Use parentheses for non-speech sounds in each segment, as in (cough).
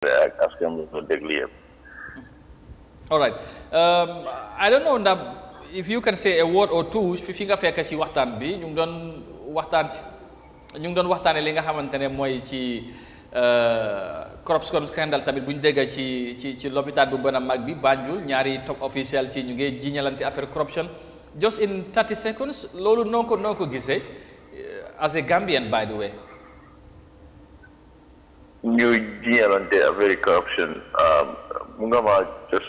ak askan bi um, I don't know ndax if you can say a or two fi fi nga fekk ci waxtaan bi ñu ngi doon waxtaan ñu ngi doon waxtaanee li nga xamante ne mooy ci uh, corruption scandal tamit buñ ñu ci ci ci lopitaan bu gën a mag bi Banjul ñaari top official si ñu ngi jiñalante affaire corruption just in 30 seconds loolu noo ko noo ko gisee uh, as a Gambian by the way New ñu dealante a very corruption um, mu just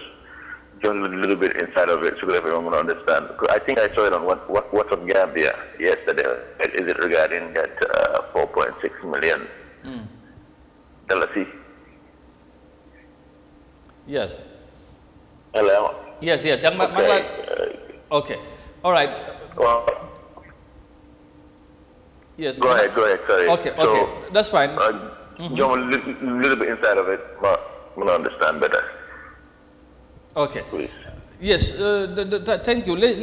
just a little bit inside of it so that everyone will understand. I think I saw it on what what what's on Gambia yesterday. Is it regarding that uh, 4.6 million mm. Dalasi? Yes. Hello. Yes, yes. Okay. Like, uh, uh, okay. All right. Well, yes. Go ahead. Go ahead. Sorry. Okay. Okay. So, That's fine. Uh, Mhm. Jump a little, little bit inside of it, but I'm understand better. Okay. yes euh,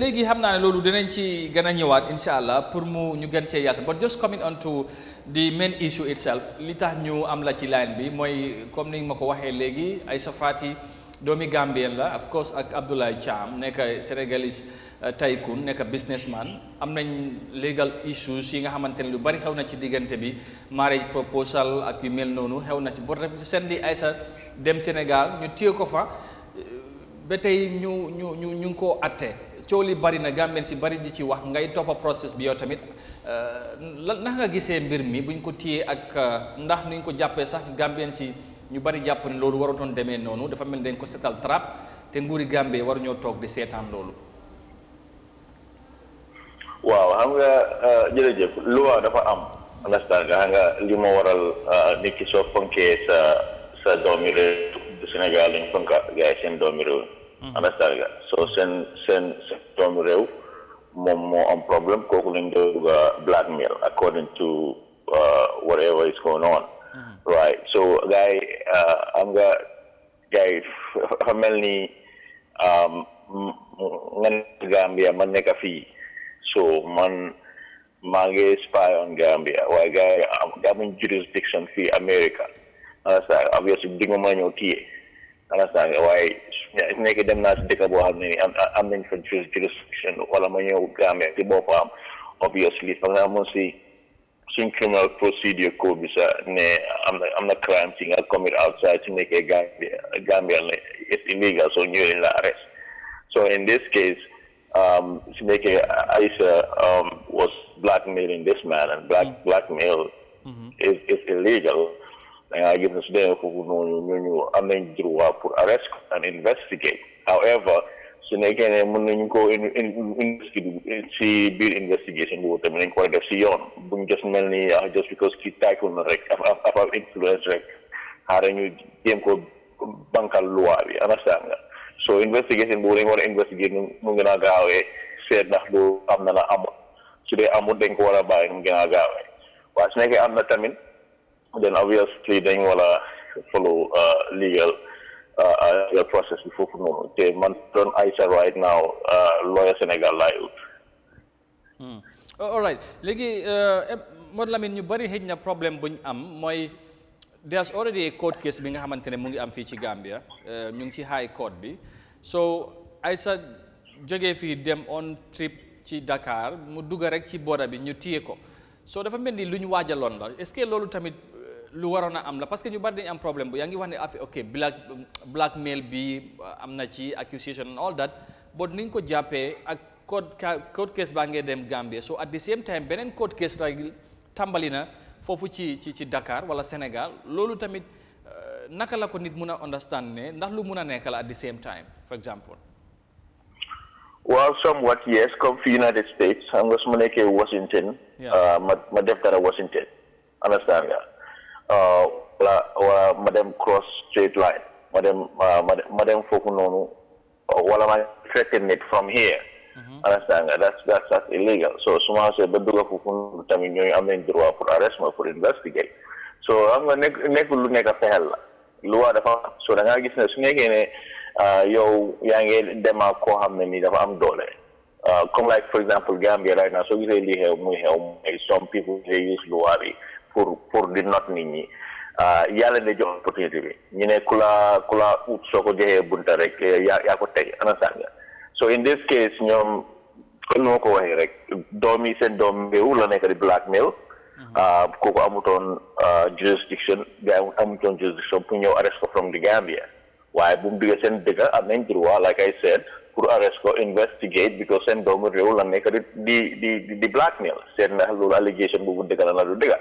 léegi xam naa ne loolu dinañ ci gën a ñëwaat insha allah pour mu ñu gën cee yàtt but just coming on to the main issue itself li tax ñu am la ci line bi mooy comme ni ma ko waxee léegi ay safaati doomi Gambien la of course ak Abdoulaye Thiam nekk Sénégalais euh, tycoon nekk businessman am nañ legal issues yi nga xamante ne lu bari xew na ci diggante bi marriage proposal ak yu mel noonu xew na ci boo seen di Aïssa dem Sénégal ñu téye ko fa ba tey ñu ñu ñu ñu ngi ko atte coow li bari na Gambien si bari di ci wax ngay toppa process bi yow tamit euh, lan ndax nga gisee mbir mi buñ ko tiyee ak euh, ndax nuñ ko jàppee sax Gambien si ñu bari jàpp ne loolu warutoon demee noonu dafa mel dañ ko setal trap te nguuri Gambie waruñoo toog di seetaan loolu. waaw xam nga euh, jërëjëf loi dafa am understand nga xam nga li moo waral euh, nit soo fonkee sa sa doomi réew Sénégal seen doomi réew hmm. understand nga seen seen seen doomi réew moom moo am problème kooku lañ doon bëgg a blackmail according to euh, whatever is going on Mm-hmm. Right. So guy, uh, ang ga guy family (laughs) um, ngan Gambia man So man mage spy on Gambia. Why guy I'm um, gamin jurisdiction fee America. Understand? Uh, obviously, di mo man yung tiye. Understand? Uh, why nekk dem naa si dëkk boo xam ne am am nañ fa jurisdiction wala ma ñëw Gambia ci boppam obviously fa nga amoon si zo'n criminal procedure code is I'm not, I'm not crime thing. I commit outside to make a Gambia, a Gambian. Eh, it's illegal, so you're in the arrest. So in this case, um, Sineke Aisha um, was blackmailing this man, and black mm. blackmail mm-hmm. is, is illegal. And I give this day who know you knew I mean, drew up for arrest and investigate. However, si nekkee ne mën nañu ko si biir investigation boobu tamit nañ koy def si yoon buñ just mel ni ah, just because ki taakul na rek affaire influence rek xaaral ñu jéem ko bankal loi bi anastaan nga so investigation boobu dañ war investigate mu gën a seet ndax lu am na na amul de dee amul dañ ko wala a bàyyi mu a gaawee waaye su nekkee am na tamit then obviously dañ war a follow uh, legal nga process bi foofu noonu te man doon Aisha right now lawyer Sénégal laay ut hmm. oh, all right léegi euh, Modou ñu bari xëj na problème buñ am mooy there's already a court case bi nga xamante ne mu ngi am fii ci Gambia euh, ñu ngi ci high court bi so Aisha jógee fii dem on trip ci Dakar mu dugg rek ci border bi ñu tiye ko so dafa mel ni lu ñu waajaloon la est loolu tamit lu waroon a am la parce que ñu bari dañu am problème bu yaa ngi wax ne affaire ok black blackmail bi am na ci accusation and all that but niñ ko jàppee ak code case baa ngee dem Gambie so at the same time beneen code case la tàmbali na foofu ci ci ci Dakar wala senegal loolu tamit euh, naka la ko nit mun a understand ne ndax lu mun a nekk la at the same time for example. waaw somewhat yes comme fi United States xam ma nekkee Washington. Euh, ma ma def wala ma cross straight line ma dem ma dem wala ma threaten it from here mhm. understand that's that's that's illegal so su ma see ba dugga foofu am nañ droit pour arrest ma pour investigate so xam nga nekk nekk lu nekk fexel la luwaa dafa so da ngaa gis ne su nekkee ne uh, yow yaa ngi dem ak dafa am doole uh, like for example Gambia right now So gisee lii some people they use luwaa bi pour pour di not nit ñi ah, yàlla ne jox opportunité bi ñu ne ku la ku la ut soo ko joxee bunta rek yaa yaa ko teg ana sànga so in this case ñoom comme ni ma ko waxee rek doom yi seen doom la nekk di blackmail mm-hmm. ah, kooku amutoon ah, jurisdiction gars amuton jurisdiction pour ñëw arrest ko from the Gambia waaye bu mu duggee seen dëkk am nañ droit like I said pour arrest ko investigate because seen doomu réew la nekk di di di di blackmail seen ndax loolu allegation boobu dëgg la la du dëgg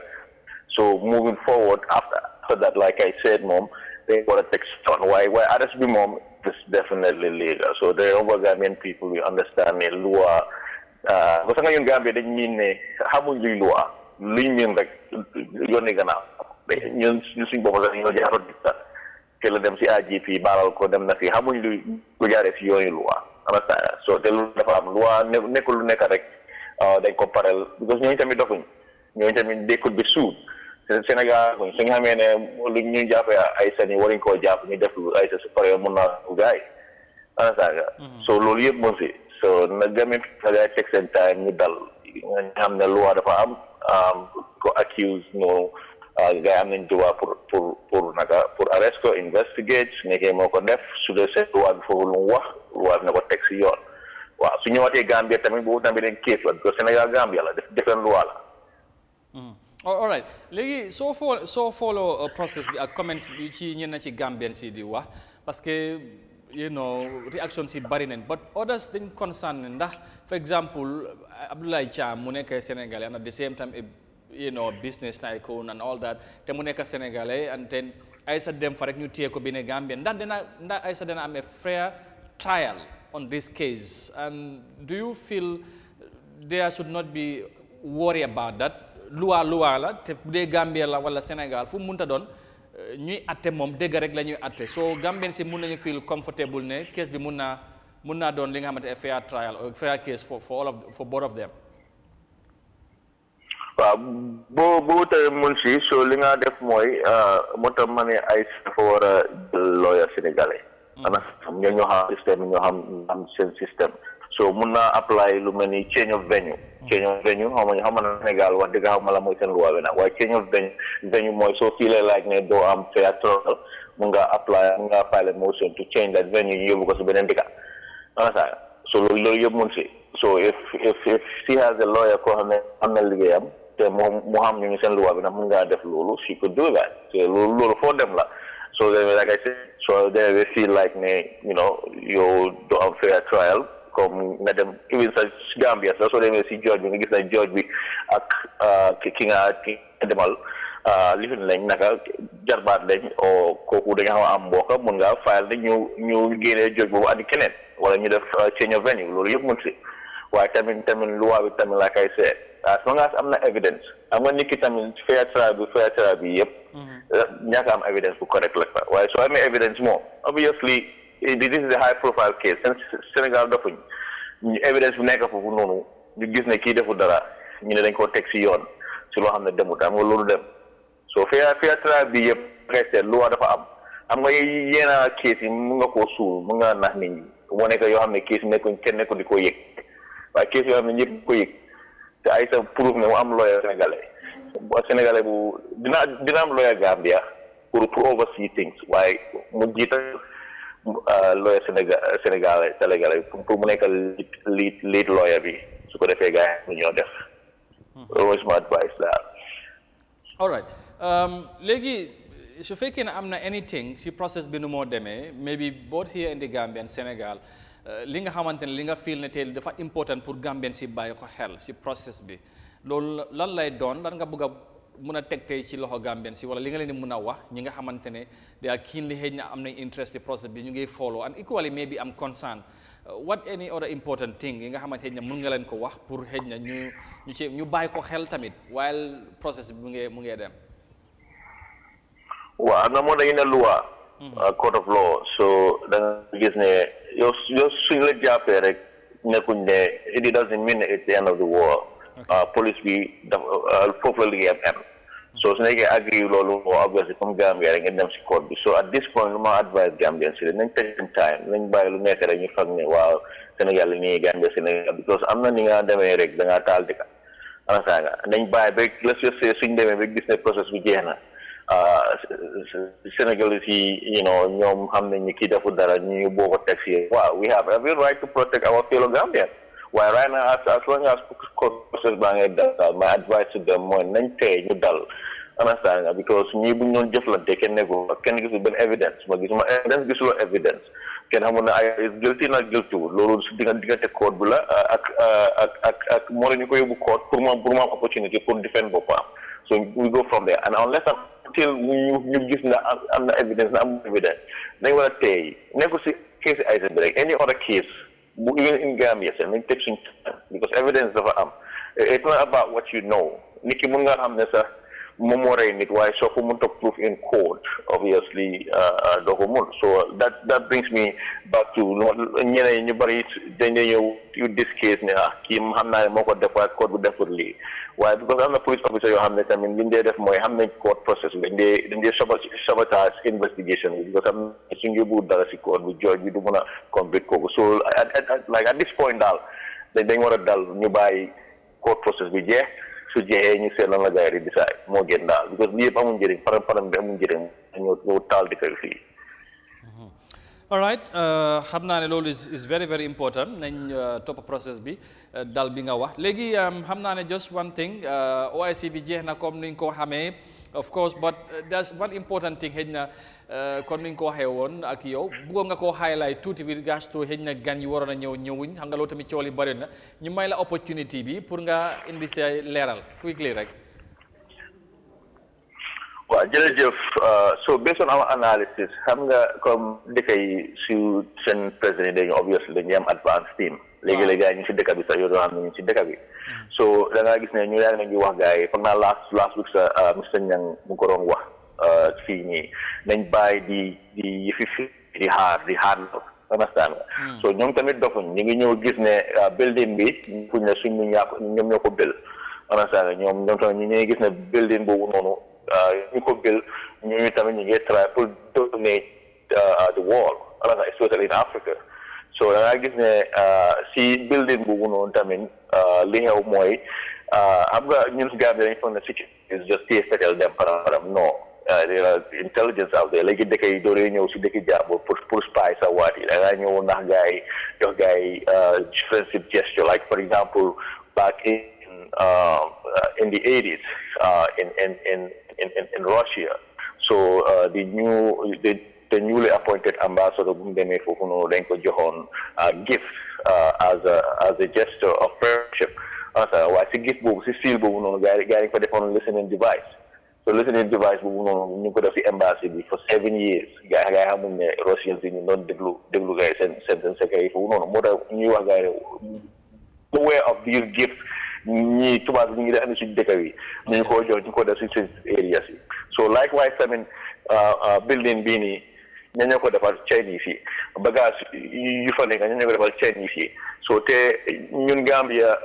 So moving forward, after, after that, like I said, mom, they got a text on why why RSB mom This definitely legal. So the over Gambian people will understand the law. Kasi uh, ngayon Gambia, they mean eh, hamon yung law. Lim yung like, yun na you Yun, yun sing you nyo jarod dito. Kailan dem si IGP, baral ko dem na si hamon yung kunyari si yun yung law. Understand? So, they look law, um, nekul neka rek, uh, then comparel, because nyo yung tamid ako, they could be sued. Sénégal kon su ñu xamee ne lu ñu jàppee ay sani waruñ koo jàpp ñu def ay sa su paree mun naa gaay ana saaga mm-hmm. so loolu yëpp mun si so na gamit na gaay teg seen time ñu dal nga xam ne loi dafa am ko accuse noonu ah, gaay am nañ droit pour pour pour naka pour arrest ko investigate su nekkee moo ko def su dee seen loi bi foofu lu mu wax loi bi na ko teg si yoon waaw su ñëwaatee Gambia tamit boobu tamit dem case la parce que Sénégal Gambia la def defeen la mm-hmm. all So soo foo follow process bi ak comments bi ci ñenn ci Gambien si di wax you know réaction is bari but others think concerned. for example Abdullah Thiam mu nekk and at the same time eh, you know business tycoon and all that te mu nekk and then I said them for a new ko bi Gambian. Gambien ndax Then I Aïssa i am a fair trial on this case and do you feel there should not be worry about that luwaa luwaa la te bu dee Gambia la wala Sénégal fu mun mënta doon euh, ñuy atte moom dégg rek la ñuy atte soo Gambien si mun nañu feel comfortable ne case bi mun naa mun naa doon li nga xamante ne fair trial or euh, fair case for all of them. waaw boo boo mun si soo li nga def mooy euh, moo tax ma ne ay dafa war a jël lawyer sénégalais. Mm. ana ñoo xam seen système. so mun naa apply lu mel change of venue change of venue xaw ma xaw ma na Sénégal wax dëgg xaw ma la mooy seen loi bi nag waaye change of venue venue mooy soo fiilee laaj ne doo am fair trial mun nga apply mun nga file motion to change that venue ñu yóbbu ko si beneen dëkka anasa so loolu loolu yëpp mun si so if if if she has a lawyer koo xam ne am na liggéeyam te moom mu xam ñu ngi seen loi bi nag mun ngaa def loolu she could do that te loolu loolu foo dem la so then like I said so then we feel like ne you know yow do am fair trial comme nga dem even sa Gambia sax soo demee si George bi nga gis na George bi ak uh, ki nga ki demal uh, lifin lañ naka jarbaat lañ o kooku dañu xam am mbokka mun nga fayal ne ñu ñu génnee George boobu andi keneen wala ñu def uh, change of venue loolu yëpp mun si waaye tamit tamit luwaa bi tamit laa koy seet as long as am na evidence am nga nit ki tamit fair trial bi fair trial bi yëpp mm-hmm. ñaaka am evidence bu correct la waaye soo amee evidence moom obviously Eh, this is a high profile case seen Sénégal ñu évidence bu nekk foofu noonu ñu gis ne kii deful dara ñu ne dañ koo teg si yoon si loo xam ne demut am nga loolu dem soo fee fee traite bi yëpp xeexee lu wax dafa am am nga yenn case yi mun nga koo suul mun nga nax nit ñi moo nekk yoo xam ne case nekkuñ kenn nekku di ko yëg waaye case yoo xam ne ñëpp ko yëg te ay sa proof ne mu am lawyer sénégalais bu dina dina am lawyer Gambia pour pour oversee Euh, lawyer Sénégal Sénégal euh, sénégalais pour mu nekk lead lead bi su ko defee gaa yi ñoo def hmm. loolu suma advice daal. all um, su fekkee ne am na anything si process bi nu moo demee maybe both here in the Gambia and Sénégal euh, li nga xamante ne li nga feel ne tey dafa important pour Gambien si bàyyi ko xel si process bi loolu lan lay doon lan nga bëgg a mun a teg tey ci loxo Gambien si wala li nga leen di mun a wax ñi nga xamante ne they are keenly xëy na am na interest ci process bi ñu ngi follow and equally maybe am concern uh, what any other important thing yi nga xamante ne mun nga leen ko wax pour xëy na ñu ñu ci ñu bàyyi ko xel tamit while process bi mu ngee mu ngi dem. waaw am na moo dañu ne loi. Mhm. Uh, code of law so da gis ne yow suñ la jàppee rek nekkuñ ne it doesn't mean it's the end of the war. Uh, police bi dafa uh, foofu la liggéeyam am so su nekkee agree loolu or obviously comme Gambia rek ngeen dem si court bi so at this point lu ma advise Gambian si nañ take some time nañ bàyyi lu nekk rek ñu fag ne waaw Sénégal li nii Gambia Sénégal because am na ni nga demee rek da ngaa taal dëkk anasa nga nañ bàyyi ba let's just say suñ demee ba gis ne process bi jeex na uh, Sénégalais yi you know ñoom xam nañ ni kii defu dara ñu boo ko teg si waaw we have every right to protect our fellow Gambians why, right now as as long as process baa ngay dal my advice to them mooy nañ tey ñu understand nga because ñii bu ñu doon jëflante kenn nekkul kenn gisul benn evidence ma gisuma evidence gisuloo evidence kenn xamul ne ay guilty na guilty wul loolu si dinga diggante code bu la uh, ak uh, ak ak ak moo la ñu ko yóbbu code pour moom pour moom opportunité pour defend boppam so we go from there and unless until you you give am na evidence na am evidence dañ war a tey nekkul case Isabe rek any other case even in Gambia, sir, nañ teg suñ because evidence of am um, it's not about what you know nit ki mun Mumore Nikwai Sokumunto proof in court, obviously, uh, uh document. So that, that brings me back to you this case ne ah kim xam naa ne moo ko def waaye code bu deful lii waaye because am na police officer you xam I mean, when they have mooy xam court process when they when they dee sabotage investigation because i am suñ yóbbu dara si court bi jooj bi du mun a complete kooku so like at this point daal they dañ to a dal ñu bàyyi court process bi yeah. su jeexee ñu seet lan la gaay di saay moo gën daal parce que yëpp amuñ njëriñ param param bi amuñ njëriñ dañoo ñëw taal di kër fii. all right xam uh, naa ne loolu is very very important nañ uh, topp process bi uh, dal bi nga wax léegi xam um, naa ne just one thing OIC bi jeex na comme niñ ko xamee of course but there's one important thing xëy na. comme ni nga ko waxee ak yow bëggoon nga koo highlight tuuti bi gas to xëj na gan yi waroon a ñëw ñëwuñ xam nga loolu na ñu may la opportunity bi pour nga indi sa leeral quickly rek. waaw jërëjëf ah, so based on our analysis xam nga comme dëkk yi su seen président dañu obviously dañu am advance team léegi-léegi gars ñu si dëkk bi sax yoo xam ñu si dëkk bi mm-hmm. so da ngaa gis ne ñu yaa ngi wax gars yi foog last last week sa ah, Mr Niang mu ko doon wax uh, fini nañ bàyyi di di yëfi di xaar di xaar understand so ñoom tamit dofuñ ñu ngi ñëw gis ne uh, building bi fuñ ne suñ ñu ñaa ñoom ñoo understand ñoom ñoom tamit ñu ngi gis ne building boobu noonu uh, ñu ko bil ñooñu tamit ñu ngi try pour donate uh, the world understand especially in Africa so da ngaa gis ne si building boobu noonu tamit li xew mooy xam nga ñun Gambie dañ foog ne si is just téye fetel param param non intelligence out there léegi dëkk yi doole ñëw si dëkk jàmbur pour pour spy sa waat yi da ngaa ñëw nax gars jox gars yi gesture like for example back in in the 80s in, in, in, in, in Russia so the new the the newly appointed ambassador bu mu demee foofu noonu dañ ko joxoon gift as a as a gesture of friendship waaye si gift boobu si seal boobu noonu gars yi ko defoon listening device so listening device boobu noonu ñu ngi ko def ci embassy bi for seven years gars yi gars ne Russians yi ñu doon déglu déglu gars yi seen seen seen secret yi foofu ñuy wax gaay yi aware of these gifts ñii tubaab bi ngi def andi si dëkk yi ñu ko jox ñu ko def si seen areas yi so likewise tamit uh, uh, building bii nii ña ñoo ko defal Chinese yi bagage yu fa nekk ña ñoo ko defal Chinese yi so te ñun Gambia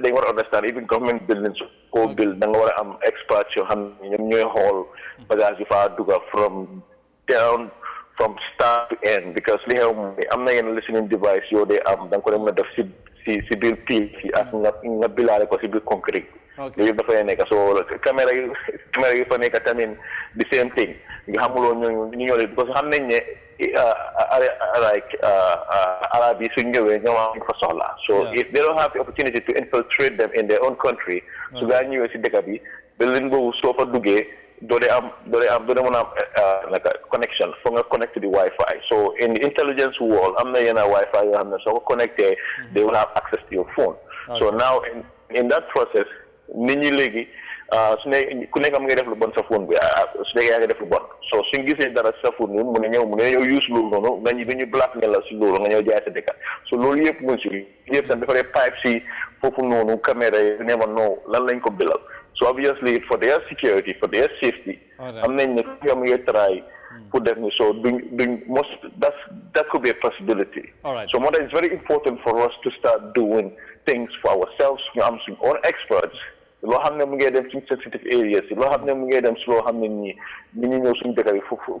dañ eh, war a understand even government buildings koo mm. build da nga wara am experts yo xam ñom ñoy xol bagage yu faa dugga from down from start to end because li xew am na yenn listening device yo dee am um, da nga ko mën a def ci ci si biir piis yi ak nga nga bilaale ko ci bir concrete yooyu yëpp dafay nekk soo camera yi caméra yi fa nekk tamit the same thing Because xamuloo ñooñu uh, uh, uh, like arab yi suñ ñëwee ñoom so if they don't have the opportunity to infiltrate them in their own country so gaa you see, dëkk bi ba leen boobu soo fa do they have do they am do they want like a connection from a connect to the Wi-Fi. So in the intelligence world, I'm not in a Wi-Fi. I'm not so connected. Mm-hmm. They will have access to your phone. Okay. So now in in that process, many legi Ah, su ne ku nekk am ngay def lu bon sa phone bi ah, ah, su nekkee yaa ngi def lu bon so suñ gisee dara sa phone mu ne ñëw mu ne ñëw use loolu noonu nga ñu dañuy la si loolu nga ñëw jaay sa so loolu yëpp si yëpp pipe si foofu noonu caméra yi lan lañ ko bilal so obviously for their security for their safety am nañ ne ku am ngay try hmm. pour def ni so duñ duñ most that's that could be a possibility so moo tax it's very important for us to start doing things for ourselves ñu am suñ own experts Lo xam ne mu ngee dem ci sensitive areas Lo loo ne mu ngee dem si loo xam ne nii ñu ngi ñëw suñu dëkk bi foofu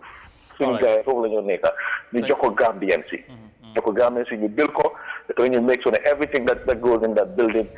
suñu gars yi foofu la ñu nekk ñu jox ko Gambian si mm-hmm, mm-hmm. jox ko Gambian si ñu build ko te ñu make sure ne everything that that goes in that building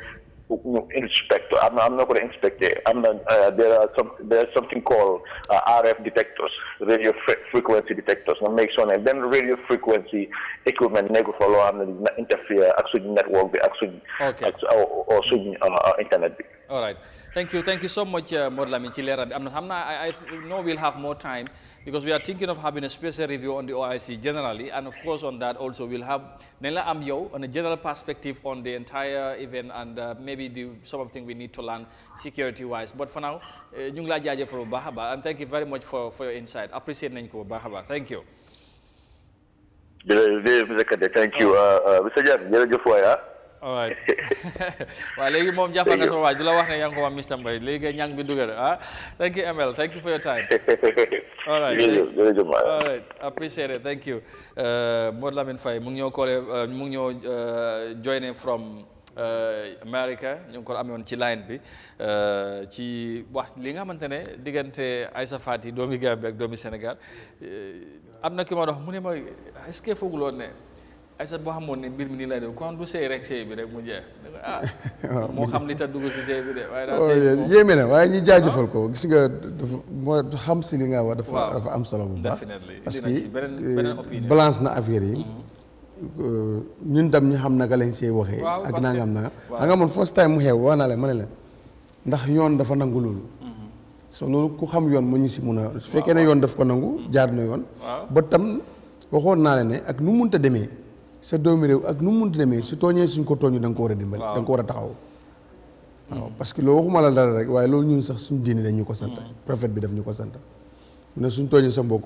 no inspector. I'm, I'm not going to inspect it. am not, uh, there are some there's something called uh, RF detectors, radio frequency detectors. Now make sure and then radio frequency equipment nego follow and interfere actually network actually okay. or, or, or uh, internet. All right. Thank you. Thank you so much, uh, Morlami Chilera. I'm, I'm not, I, I, know we'll have more time because we are thinking of having a special review on the OIC generally. And of course, on that also, we'll have Nela Amyo on a general perspective on the entire event and uh, maybe the, some of the things we need to learn security-wise. But for now, Nyungla uh, Jaje for Bahaba. And thank you very much for, for your insight. Appreciate Nenko Bahaba. Thank you. Thank you. Oh. Uh, uh, Mr. Jeff, alright waaw léegi moom jàppal nga sama waay du la wax ne yaa ngi ko waa Mr Mbaye léegi nga ñang bi dugal ah thank you ML thank you for your time (laughs) alright jërëjëf alright appreciate it thank you uh, Modou Lamine Faye mu ngi ñoo koole uh, mu ngi ñoo uh, joine from America ñu ngi ko amoon ci line bi ci wax li nga xamante ne diggante Aïssa Fati doomi Gambie ak doomi Sénégal am na ki ma dox mu ne ma est-ce que fooguloo ne Aïssat boo xamoon ne mbir mi nii lay def kon du sëy rek sëy bi rek mu jeex ah. xam li ta dugg si sëy bi de waaye daal sëy bi yéeme na waaye ñu jaajëfal ko gis nga dafa moo xam si li nga wa dafa dafa am solo bu baax parce que balance na affaire yi ñun tam ñu xam naka lañ sëy ak na nga am nga first time mu xew wax naa leen ma ne ndax yoon dafa so loolu ku xam yoon mu ñu si mun a su fekkee yoon daf ko nangu jaar na yoon ba tam waxoon naa leen ne ak nu ta demee sa doomi réew ak nu mu munti demee su tooñee suñ ko tooñu da nga ko war a dimbali da nga ko war a taxaw waaw parce que loo waxuma la dara rek waaye loolu ñun sax suñ diine dañ ñu ko sant mm. prophète bi daf ñu ko sant mu ne suñ tooñee sa mbokk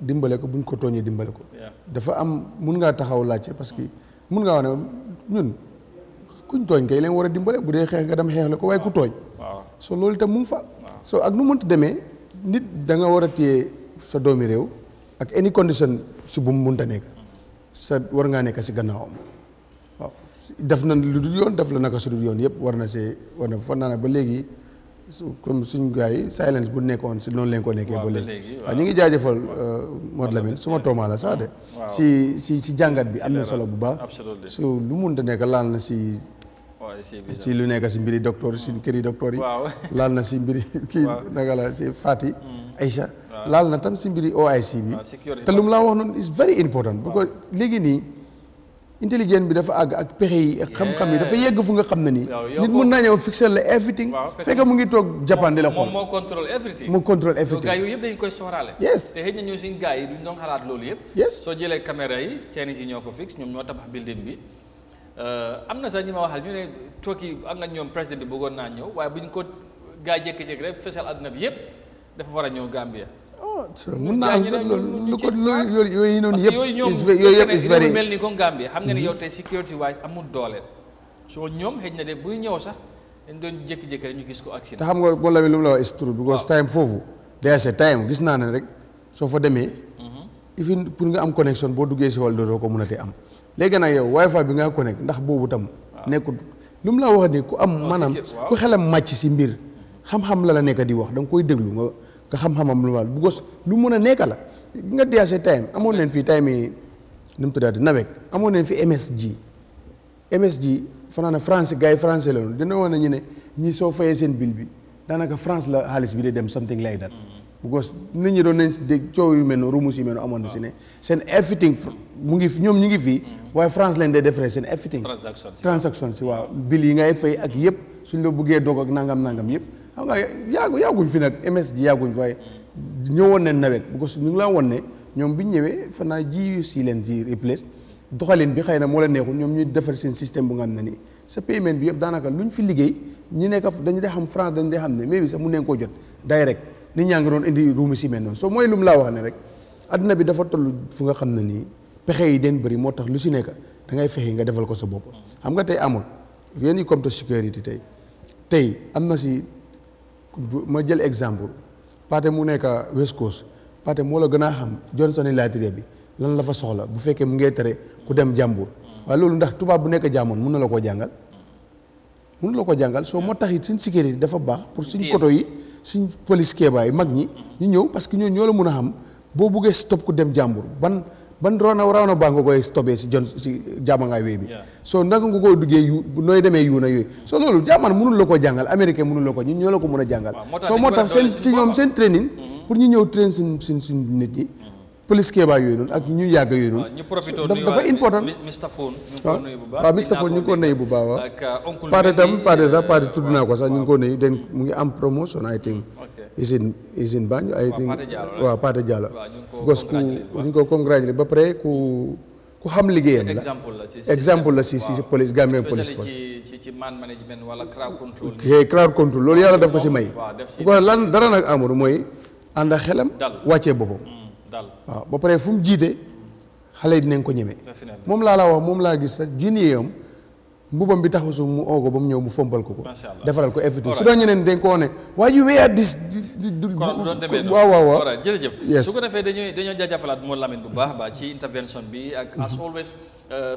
dimbale ko buñ ko tooñee dimbale ko dafa am mun ngaa taxaw laajte parce que mun ngaa wax ne ñun kuñ tooñ kay leen war a dimbale bu dee xeex nga dem xeex la ko waaye ku tooñ so loolu itam mu ngi fa soo ak nu munti demee nit da nga war a téye sa doomi réew ak any condition su bu mu munta nekk sa war ngaa nekk si gannaawam waaw def na lu dul yoon def la naka su dul yoon yëpp war na see war na fan naa ba léegi su comme suñu gaa yi silence bu nekkoon si noonu leen ko nekkee ba léegi waaw ñu ngi jaajëfal euh, Modou Lamine suma toomaa la sax de si si si jàngat bi am na solo bu baax su lu munta nekk laal na si si lu nekk si mbiri docteur si mm. këri docteur yi laal na si mbiri (laughs) kii naka la si Fati mm. Aïcha laal na tam si mbiri OIC bi ah, te lu la wax noonu is very important bu ko ah. léegi nii intelligence bi dafa àgg ak pexe yi ak xam-xam yi dafa yegg fu nga xam ne nit mun naa fixer la everything fekk mu ngi toog Japan di la xool moo contrôle everything moo control everything gars yooyu yëpp dañ koy soxraale yes te xëy na ñoo suñ gars duñ doon xalaat loolu yëpp yes So jëlee caméra yi Chinese yi ñoo ko fixe ñoo tabax building bi euh, am na sax ñi ma waxal ñu ne tooki ak nga ñoom président bi bëggoon naa ñëw waaye buñ ko gaa jékki-jékki rek fesal àdduna bi yëpp dafa war a Gambia Oh, mën naa am sax loolu lu ko loolu yooyu noonu yëpp yooyu yëpp is very mel ni ko Gambie xam nga ne mhm. yow tey doole soo ñoom xëj na de buy ñëw sax dañ doon jékki-jékki ñu gis ko action te xam nga boo la lu mu la wax is true because time foofu there's a time gis naa ne rek soo fa demee mhm. even pour nga am connexion boo duggee si wàll dootoo ko mën a te am léegi nag yow wifi bi nga connect ndax boobu tam nekkul lu mu la wax ni ku am maanaam ku xelam màcc si mbir xam-xam la la nekk di wax da nga koy déglu nga nga xam-xamam lu ma bu ko lu mun a nekk la nga DRC time amoon leen fii time yi nu mu tuddaati nawet amoon nañ fi MSG MSG fanaana français gars yi français la noonu dina woon na ñu ne ñi soo fayee seen bill bi daanaka France la xaalis bi di dem something like that mm-hmm. because nit ñi doon nañ dégg coow yu mel noonu rumus yu mel noonu amoon na si ne seen everything mu ngi ñoom ñu ngi fii mm-hmm. waaye France leen day defaree seen everything transaction si waaw bill yi ngay fay ak yëpp suñ la buggee doog ak nangam nangam yëpp xam nga yàggu yàgguñ fi nag MSD yàgguñ fi waaye ñëwoon nañ nawet bu ko ñu ngi laa won ne ñoom bi ñu ñëwee fan naa ji si leen ji replace doxalin bi xëy na moo la neexul ñoom ñu defar seen système bu nga xam ne nii sa paiement bi yëpp daanaka luñ fi liggéey ñu nekk dañu dee xam France dañu dee xam ne mais bi sa mun nañ koo jot direct nit ñaa ngi doon indi ruumi si mel noonu soo mooy lu mu laa wax ne rek adduna bi dafa toll fu nga xam ne nii pexe yi den bëri moo tax lu si nekk da ngay fexe nga defal ko sa bopp xam nga tey amul yéen yi comme to sécurité tey tey am na si ma jël exemple Pathé mu nekk West Coast Pathé moo la gën a xam Johnson Latymer bi lan la fa soxla bu fekkee mu ngee tere ku dem jàmbur waaye loolu ndax tubaab bu nekk jàmmoon mun na la koo jàngal mun na la ko jàngal soo moo tax it suñ sécurité dafa baax pour suñ koto yi suñ police keebaay mag ñi ñu ñëw parce que ñoo ñoo la mun a xam boo buggee stop ku dem jàmbur ban ban raw na raw na baa nga koy stoppé si jon si jaamangaay wéy bi soo naka nga koy duggee yu nooy demee yu na yooyu soo loolu jaaman mënul la ko jàngal américain mënul la ko ñu ñoo la ko mën a jàngal soo moo tax seen si ñoom seen training mm-hmm. pour ñu ñëw train suñ suñ suñ nit ñi mm-hmm. police keebaa yooyu noonu ak ñu yàgg yooyu noonu dafa important waaw waaw Mr Phone ñu ngi ko nuyu bu baax waaw paate tam paate sax euh, paate tudd naa ko sax ñu ngi ko nuyu den mu ngi am promotion I think usine usine Bañ. ay think waaw Paate Diallo gos ku ñu ko congratulé ba pare ku ku xam liggéeyam la exemple la si si police Gambian police force ci ci man management wala crowd control. crowd loolu yàlla daf ko si may. bu ko lan dara nag amul mooy ànd a xelam. wàccee boppam. Mm, waaw ba pare fu mu jiite xale yi dinañ ko ñeme. moom laa la wax moom laa gis sax junni am mbubam bi taxaw suuf mu oo ko ba mu ñëw mu fombal ko ko. defaral ko everything su doon ñeneen dañ koo ne. waaye yu weer dis. kon doon demee noonu waaw waaw waaw jërëjëf. yes su ko defee dañuy dañoo jaajëfalaat moo Lamine bu baax baax ci intervention bi ak as always. Euh,